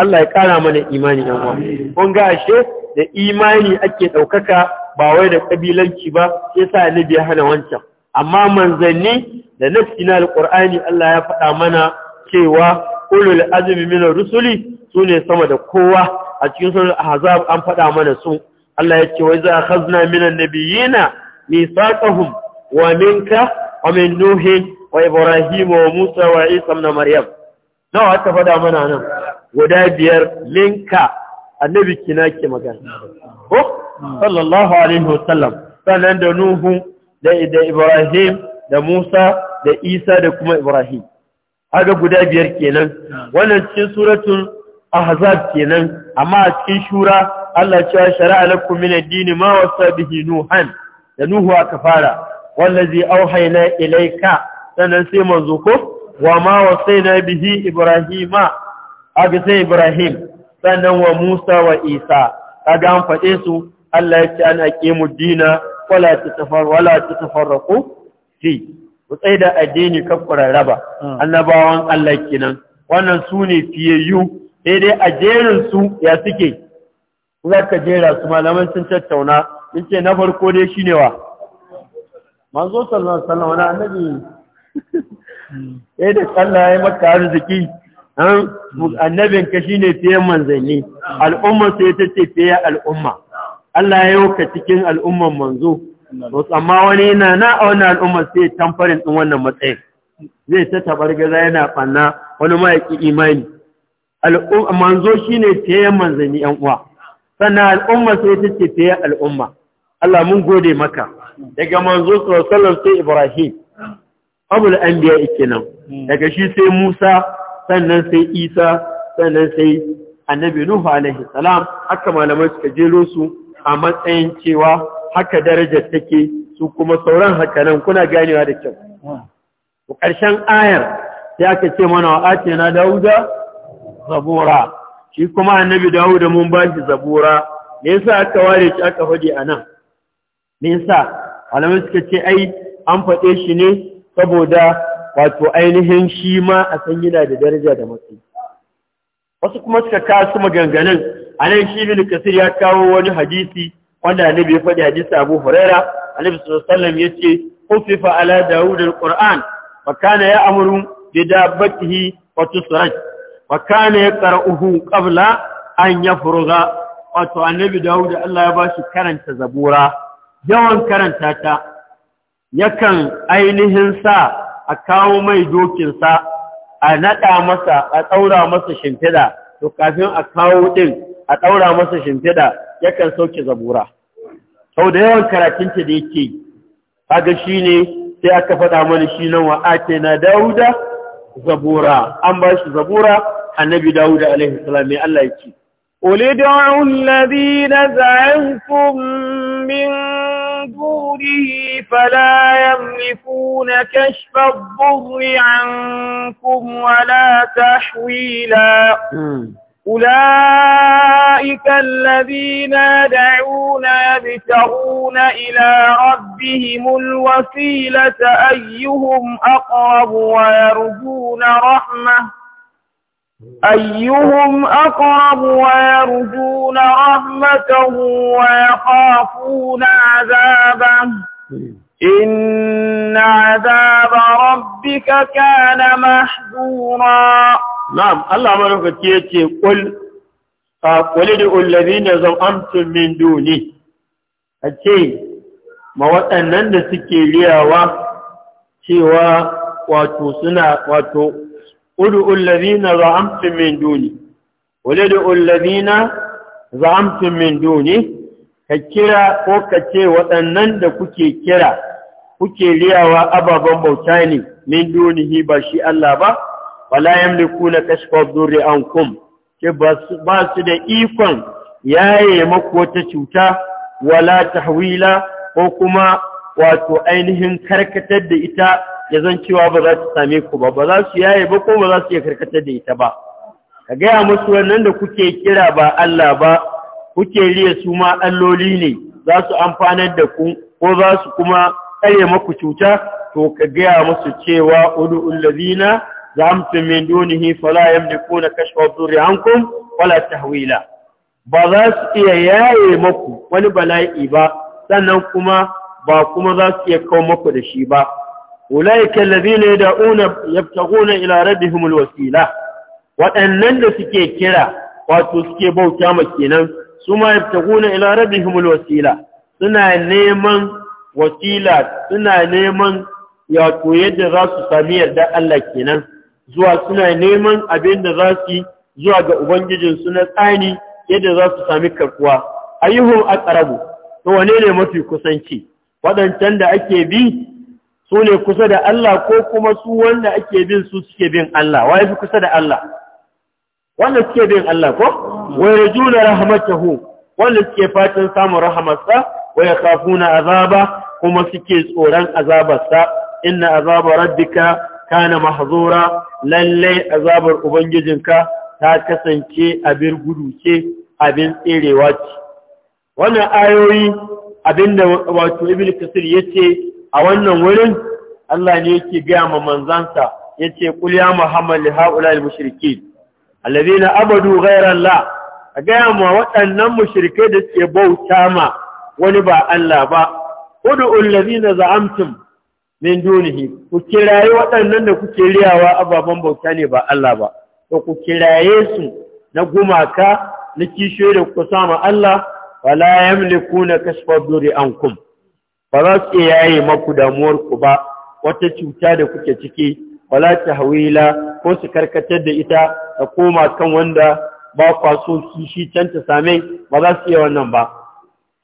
Allah ya ƙara mana imani ɗan uwa kun ga ashe da imani ake ɗaukaka ba wai da ƙabilanci ba sai sa annabi ya hana wancan amma manzanni da nafsi na alƙur'ani Allah ya faɗa mana cewa ulul azumi min rusuli sune sama da kowa a cikin sunan ahzab an faɗa mana su Allah ya ce wai za khazna minan nabiyina misaqahum wa minka wa min nuhin wa ibrahim wa musa wa isa na maryam nawa ta faɗa mana nan guda biyar minka annabi kina ke magana ko sallallahu alaihi wasallam sannan da nuhu da ibrahim da musa da isa da kuma ibrahim aga guda biyar kenan wannan cikin suratul ahzab kenan amma a cikin shura Allah ya shari'a lakum min ad-din ma wasa bihi nuhan da nuhu aka fara wallazi auhayna ilayka sanan sai manzo ko wa ma wasaina bihi ibrahima aga sai ibrahim sannan wa musa wa isa kaga an fade su Allah ya ce an aqimu dina wala tatafarraqu wala tatafarraqu fi ku tsaye da addini kakkura raba ah. annabawan Allah kenan wannan su ne fiye yu. daidai a jerinsu su ya suke za ka jera su malaman sun tattauna in ce na farko dai shine wa manzo sallallahu alaihi wasallam annabi Sai da Allah ya maka arziki annabin ka shine fiye manzanni ah. al'umma sai ta ce fiye al'umma Allah ya yi ka cikin al'umman manzo amma wani yana na a wannan al'ummar sai tamfarin ɗin wannan matsayin zai ta tabar gaza yana ɓanna wani ma imani manzo shi ne fiye manzanni ‘yan uwa sannan al'umma sai ta ce fiye al'umma Allah mun gode maka daga manzo sallallahu sai Ibrahim abul anbiya nan. daga shi sai Musa sannan sai Isa sannan sai annabi Nuhu alaihi salam haka malamai suka jelo su a matsayin cewa haka darajar take su kuma sauran haka nan kuna ganewa da kyau Ku ƙarshen ayar ya ka ce mana wa ake na dauda zabura shi kuma annabi dauda mun ba shi zabura me yasa aka ware shi aka faɗi a nan me yasa Alamai suka ce ai an faɗe shi ne saboda wato ainihin shi ma a san yana da daraja da matsayi wasu kuma suka kasu maganganun a nan shi bin kasir ya kawo wani hadisi wanda annabi ya faɗi hadisi Abu Huraira annabi sallallahu alaihi wasallam yace ufifa ala Dawud alquran wa kana ya'muru bi dabbatihi wa tusraj wa kana yaqra'uhu qabla an yafruga wato annabi Dawud Allah ya bashi karanta zabura yawan karanta ta yakan ainihin sa a kawo mai dokin sa a naɗa masa a ɗaura masa shimfida, to kafin a kawo ɗin a ɗaura masa shimfida. yakan sauke zabura sau da yawan karatunta da yake haga shi ne sai aka faɗa mana shi nan wa ake na dawuda zabura an ba shi zabura annabi dawuda alaihi salam mai Allah ya ce ulidu alladhina za'antum min دونه na kashfar كشف الضر عنكم ta تحويلا أولئك الذين يدعون يبتغون إلى ربهم الوسيلة أيهم أقرب ويرجون رحمة أيهم أقرب ويرجون رحمته ويخافون عذابه إن عذاب ربك كان محذورا na'am Allah madaukaki yace qul qul lil ladina zam'amtum min duni ce ma waɗannan da suke liyawa cewa wato suna wato ud'ul ladina zam'amtum min duni qul lil na zam'amtum min duni ka kira ko ka ce waɗannan da kuke kira kuke liyawa ababen bauta ne min dunihi ba shi Allah ba wala na kashfa an kum ke ba su da ikon yaye maku wata cuta wala tahwila ko kuma wato ainihin karkatar da ita ya zan cewa ba za su same ku ba ba za su yaye ba ko ba za su karkatar da ita ba ka gaya musu wannan da kuke kira ba Allah ba kuke riya su ma alloli ne za su amfanar da ku ko za su kuma tsare maku cuta to ka gaya musu cewa ulul ladina زعمتم min dunihi fala yamlikuna kashfa dhurri ankum Wala tahwila. ba za su iya yaye maku wani bala'i ba sannan kuma ba kuma za su iya kawo maku da shi ba ulaika allazina yad'una yabtaguna ila rabbihim alwasila waɗannan da suke kira wato suke bauta ma kenan su ma yabtaguna ila rabbihim alwasila suna neman wasila suna neman yato yadda za su sami yarda Allah kenan zuwa suna neman abin da za su yi zuwa ga ubangijinsu na tsani yadda za su sami karkuwa ayyuhun ƙarabu, to wane ne mafi kusanci waɗancan da ake bi su ne kusa da Allah ko kuma su wanda ake bin su suke bin Allah wa yafi kusa da Allah wanda suke bin Allah ko Wai wa yarjuna rahmatahu wanda suke fatan samun rahamarsa kafu na azaba kuma suke tsoron azabarsa inna azabar rabbika kana mahzura lalle azabar ubangijinka ta kasance abin gudu ce abin tserewa ce wannan ayoyi abinda wato ibnu kasir yace a wannan wurin Allah ne yake gaya ma manzansa yace qul ya muhammad li haula al mushrikin alladhina abadu ghayra allah gaya ma waɗannan mushrikai da suke bauta ma wani ba Allah ba ud'u alladhina za'amtum min dunihi ku kiraye waɗannan da kuke riyawa ababen bauta ne ba Allah ba to ku kiraye su na gumaka na kishiyoyi da kuka sama Allah wala yamlikuna kashfa duri ankum ba za su yaye maku damuwar ku ba wata cuta da kuke ciki wala tahwila ko su karkatar da ita ta koma kan wanda ba kwa so kishi can ta same ba za su iya wannan ba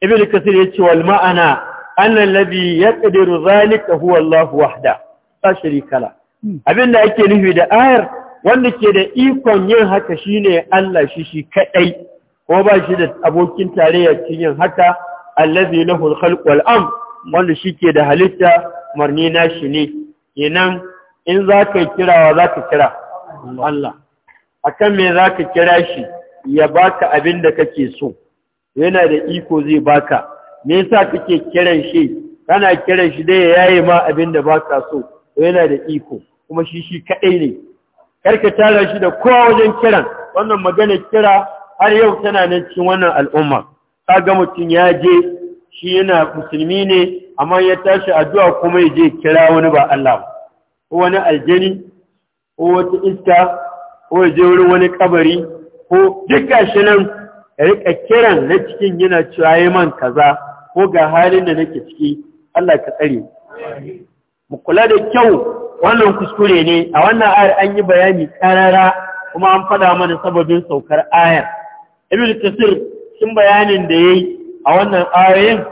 ibnu kasir ya wal ma'ana annal ladhi yaqdiru zalika huwa Allah wahda la sharika la abinda ake nufi da ayar wanda ke da ikon yin haka shine Allah shi shi kadai ko ba shi da abokin tarayya cikin haka allazi lahu al wal amr wanda shike da halitta marni na shi ne kenan in zaka kirawa zaka kira Allah akan me zaka kira shi ya baka abin da kake so yana da iko zai baka me yasa kake kiran shi kana kiran shi dai ya yaye ma abin da baka so yana da iko kuma shi shi kadai ne karka tara shi da kowa wajen kiran wannan magana kira har yau tana nan cikin wannan al'umma kaga mutum ya je shi yana musulmi ne amma ya tashi addu'a kuma ya je kira wani ba Allah ba ko wani aljani ko wata iska ko ya je wurin wani kabari ko duk gashi nan ya rika kiran na cikin yana cewa man kaza ko ga halin da nake ciki Allah ka tsare mu kula da kyau wannan kuskure ne a wannan ayar an yi bayani karara kuma an faɗa mana sababin saukar ayar ibn kasir sun bayanin da yayi a wannan ayoyin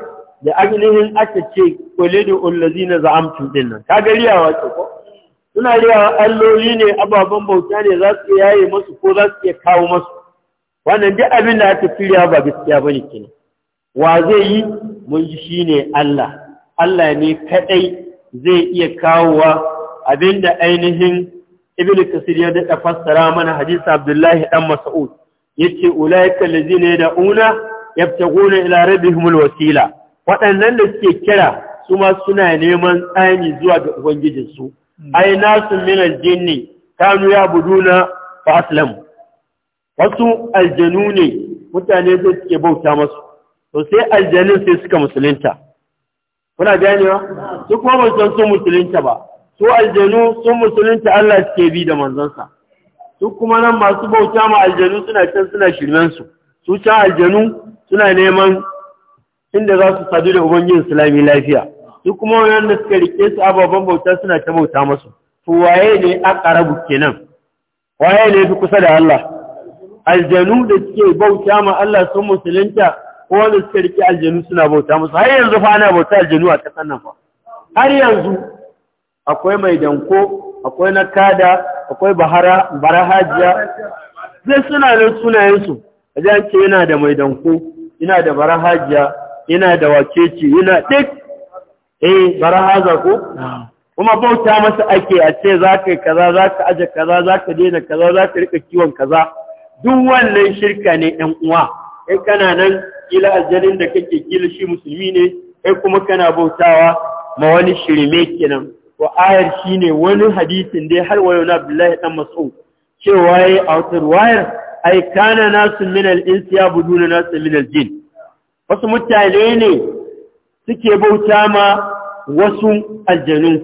da ajlihin aka ce kulidu allazina za'amtum dinna ka ga riyawa ko suna riyawa alloli ne ababen bauta ne za su yaye masu ko za su iya kawo masu wannan duk abin da aka fi ba gaskiya bane kenan wa zai yi mun ji ne, Allah Allah ne kadai zai iya kawowa abinda ainihin ibn kasir ya da fassara mana hadisi abdullahi dan mas'ud yace ulaika allazina yad'una yabtaguna ila rabbihim wasila waɗannan da suke kira su ma suna neman tsani zuwa ga ubangijinsu hmm. ai nasu min aljinni kanu yabuduna fa aslam wasu aljanu ne mutane da suke bauta masu to sai aljanin sai suka musulunta kuna ganewa su kuma ba san sun musulunta ba su aljanu sun musulunta Allah suke bi da manzansa su kuma nan masu bauta ma aljanu suna can suna shirmen su su can aljanu suna neman inda za su sadu da ubangin islami lafiya su kuma da suka rike su ababen bauta suna ta bauta masu to waye ne aqrabu kenan waye ne fi kusa da Allah aljanu da suke bauta ma Allah sun musulunta ko wanda suka riƙe aljanu suna bauta musu har yanzu fa ana bauta aljanu a ƙasar nan fa har yanzu akwai mai danko akwai na kada akwai bahara, barahajiya zai suna nan sunayensu a ce yana da mai danko yana da barahajiya yana da wakeci yana duk eh barahaza ko kuma bauta masa ake a ce za ka yi kaza za ka aje kaza za ka daina kaza za ka rika kiwon kaza duk wannan shirka ne ɗan uwa in kana nan kila ajalin da kake kila shi musulmi ne kai kuma kana bautawa ma wani shirme kenan wa ayar shine wani hadisin dai har wayo na Abdullahi dan Mas'ud cewa yayi a wata ruwayar ai kana nasu min al-insi buduna nasu min al-jin wasu mutane ne suke bauta ma wasu aljanun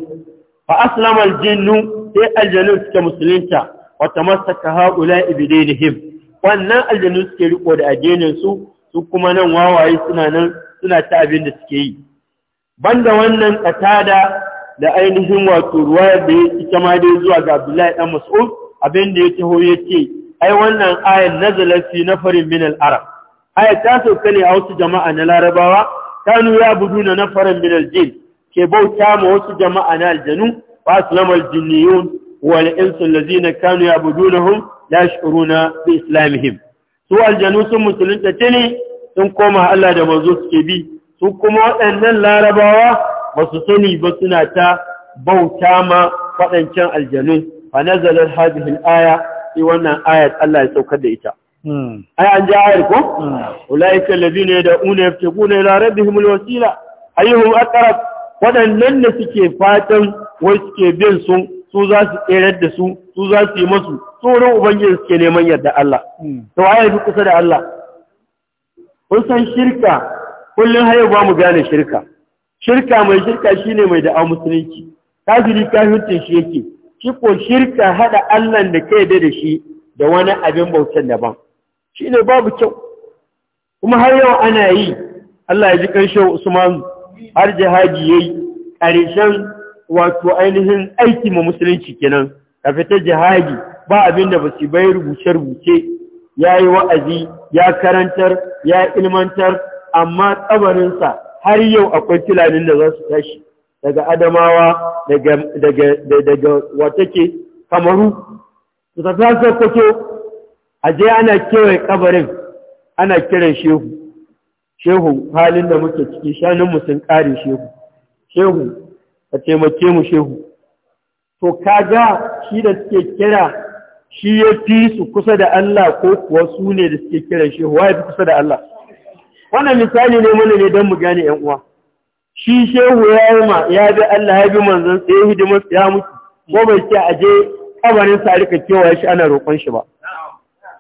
fa aslama al-jinnu sai aljanun suka musulunta wa tamassaka haula ibidinihim wannan aljanun suke riko da addinin su su kuma nan wawaye suna nan suna ta abin da suke yi banda wannan katada da ainihin wato ruwayar da ya ita ma dai zuwa ga Abdullahi dan Mas'ud abin da ya taho ya ce ai wannan ayar nazala fi nafarin min al-arab ayat ta sauka ne a wasu jama'a na larabawa kanu ya budu na nafarin min al-jin ke bauta ma wasu jama'a na aljanu wa aslama al-jinniyun wal insu allazina kanu ya'budunahum la yashuruna bi islamihim su aljanu sun musulunta tuni sun koma Allah da mazo suke bi su kuma waɗannan larabawa ba su sani ba suna ta bauta ma faɗancen aljanu fa nazalar hajjihin aya sai wannan ayat Allah ya saukar da ita hmm. ai an ji ayar ko hmm. ulaika ya yad'una yabtaguna ila rabbihim alwasila ayyuhum aqrab waɗannan da suke fatan wai suke bin sun? su za su tserar da su su za su yi masu tsoron ubangiji suke neman yadda Allah to waye fi kusa da Allah kun san shirka kullun haye ba mu gane shirka shirka mai shirka shine mai da musulunci kafiri kafircin shi yake shi ko shirka hada Allah da kai da da shi da wani abin bautan daban shine babu kyau kuma har yau ana yi Allah ya ji karshen Usman har jihadi yayi ƙarishan. wato ainihin aiki ma musulunci kenan ka fita jihadi ba abinda da basu bai rubuce rubuce Ya yi wa'azi ya karantar ya ilmantar amma tsabarinsa har yau akwai filanin da za su tashi daga adamawa daga daga daga kamaru su tafi kwato. a je ana kewaye kabarin ana kiran shehu shehu halin da muke ciki shanunmu sun kare shehu shehu ka taimake mu shehu to kaga shi da suke kira shi ya fi su kusa da Allah ko kuwa su ne da suke kira shehu wa ya fi kusa da Allah wannan misali ne mana ne don mu gane ‘yan uwa shi shehu ya yi ma ya bi Allah ya bi manzan tsaye hidimar ya mutu ko bai ce a je kabarin sa rika kewaye shi ana roƙon shi ba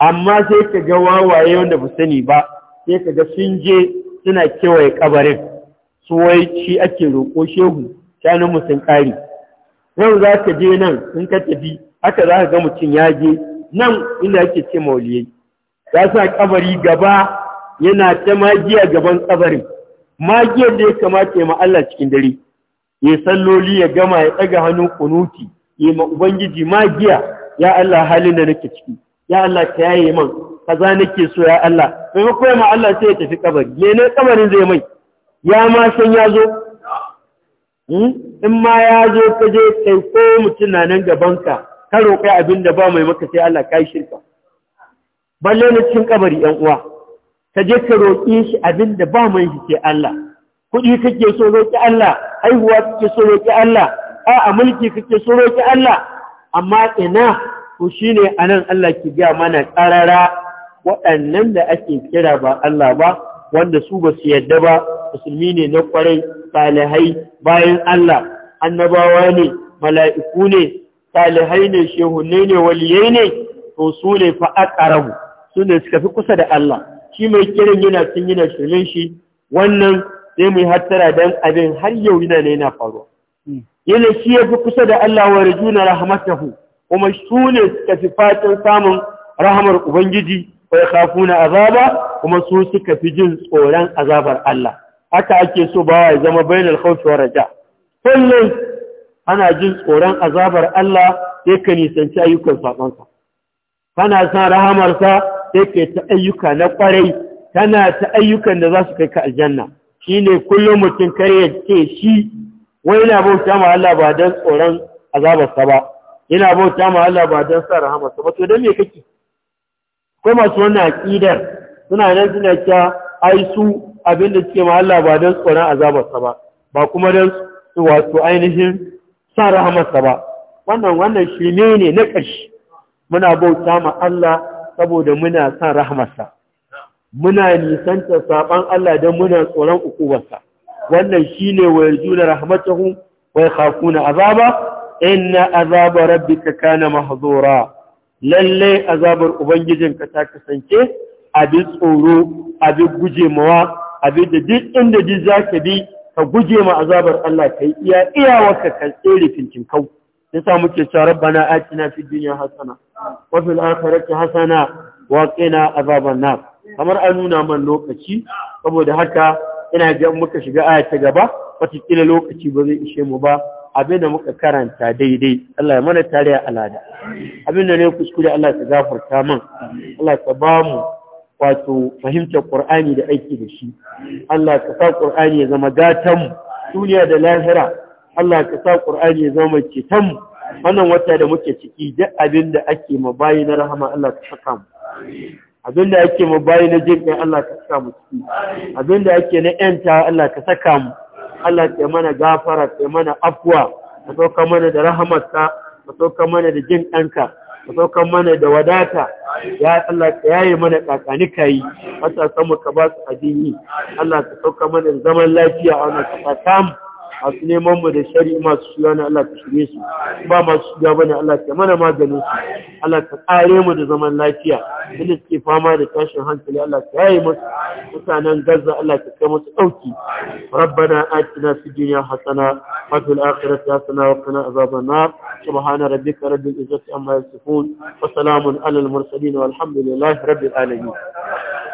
amma sai ka ga wawaye wanda ba sani ba sai ka ga sun je suna kewaye kabarin su wai shi ake roƙo shehu shanun mu sun kare yau za ka je nan in ka tafi haka za ka ga mutum ya je nan inda yake ce mauliyai ya sa kabari gaba yana ta magiya gaban kabarin magiyar da ya kamata ya ma Allah cikin dare ya salloli ya gama ya ɗaga hannu kunuti ya ma ubangiji magiya ya Allah halin da nake ciki ya Allah ka yaye man kaza nake so ya Allah maimakon ma Allah sai ya tafi kabari me ne kabarin zai mai ya ma san ya zo Hmm? in ma ya zo ka je kai ko mutum na nan gabanka ka roƙe abin da ba mai maka sai Allah kai shirka balle na cikin kabari yan uwa ka je ka roƙi shi abin da ba mai shi sai Allah kuɗi kake so roƙi Allah haihuwa kake so roƙi Allah a mulki kake so roƙi Allah amma ina ko shine anan Allah ki ga mana ƙarara waɗannan da ake kira ba Allah ba wanda su ba su yadda ba musulmi ne na kwarai salihai bayan Allah annabawa ne mala'iku ne salihai ne shehunai ne waliyai ne to su ne fa aqrabu su ne suka fi kusa da Allah shi mai kiran yana cin yana shirin shi wannan sai mu hattara dan abin har yau yana ne yana faruwa hmm. yana shi ya fi kusa da Allah wa rajuna rahmatahu kuma su ne suka fi fatan samun rahamar Ubangiji, kai kafuna azaba kuma su suka fi jin tsoron azabar Allah. haka ake so wa ya zama bainal khawfi wa raja kullum ana jin tsoron azabar Allah sai ka nisanci ayyukan sabansa kana san rahamarsa sai ka ta ayyuka na kwarai kana ta ayyukan da za su kai ka aljanna shine kullum mutum kare ya ce shi wai yana bauta ma Allah ba dan tsoron azabarsa ba yana bauta ma Allah ba dan sa ba to dan me kake ko masu wannan aqidar suna nan suna cewa ai su abin da suke mahalla ba don tsoron azabarsa ba ba kuma don wato ainihin san rahamarsa ba wannan wannan shi ne ne na ƙarshe muna bauta ma Allah saboda muna san rahamarsa muna nisanta saɓan Allah don muna tsoron ukubarsa wannan shi ne wa yarjuna rahmatahu wa yakhafuna azaba inna azaba rabbika kana mahzura lalle azabar ubangijinka ta kasance abin tsoro abin guje mawa abin da duk inda duk za ka bi ka guje ma azabar Allah ka yi iya iyawarka kan tsere fincin kau ya sa muke cewa rabbana na fi duniya hasana wa fil hasana wa qina azabar na. kamar an nuna man lokaci saboda haka ina ga muka shiga aya ta gaba wataƙila lokaci ba zai ishe mu ba abin da muka karanta daidai Allah ya mana tare a alada abin da ne kuskure Allah ya gafarta man Allah ya ba mu wato fahimtar Qur'ani da aiki da shi Allah ka sa Qur'ani ya zama gatan duniya da lahira Allah ka sa Qur'ani ya zama cetan wannan wata da muke ciki duk abinda ake ma na rahama Allah ka saka mu abinda ake ma na jin kai Allah ka saka mu ciki abinda ake na yanta Allah ka saka mu Allah ka mana gafara ka mana afwa ka sauka mana da rahamarka ka sauka mana da jin ɗanka ka saukan mana da wadata ya Allah ka yaye mana kakani kayi matasan mu ka ba su abin Allah ka saukar mana zaman lafiya a wannan kasa masu neman mu da shari masu suya ne Allah ka shirye su ba masu shiga bane Allah ka mana maganin su Allah ka kare mu da zaman lafiya da suke fama da tashin hankali Allah ka yayi musu mutanen Gaza Allah ka kai masu dauki rabbana atina fid Hassana, hasana wa fil akhirati hasana wa qina azaban nar subhana rabbika rabbil izzati amma yasifun wa salamun alal mursalin والحمد لله رب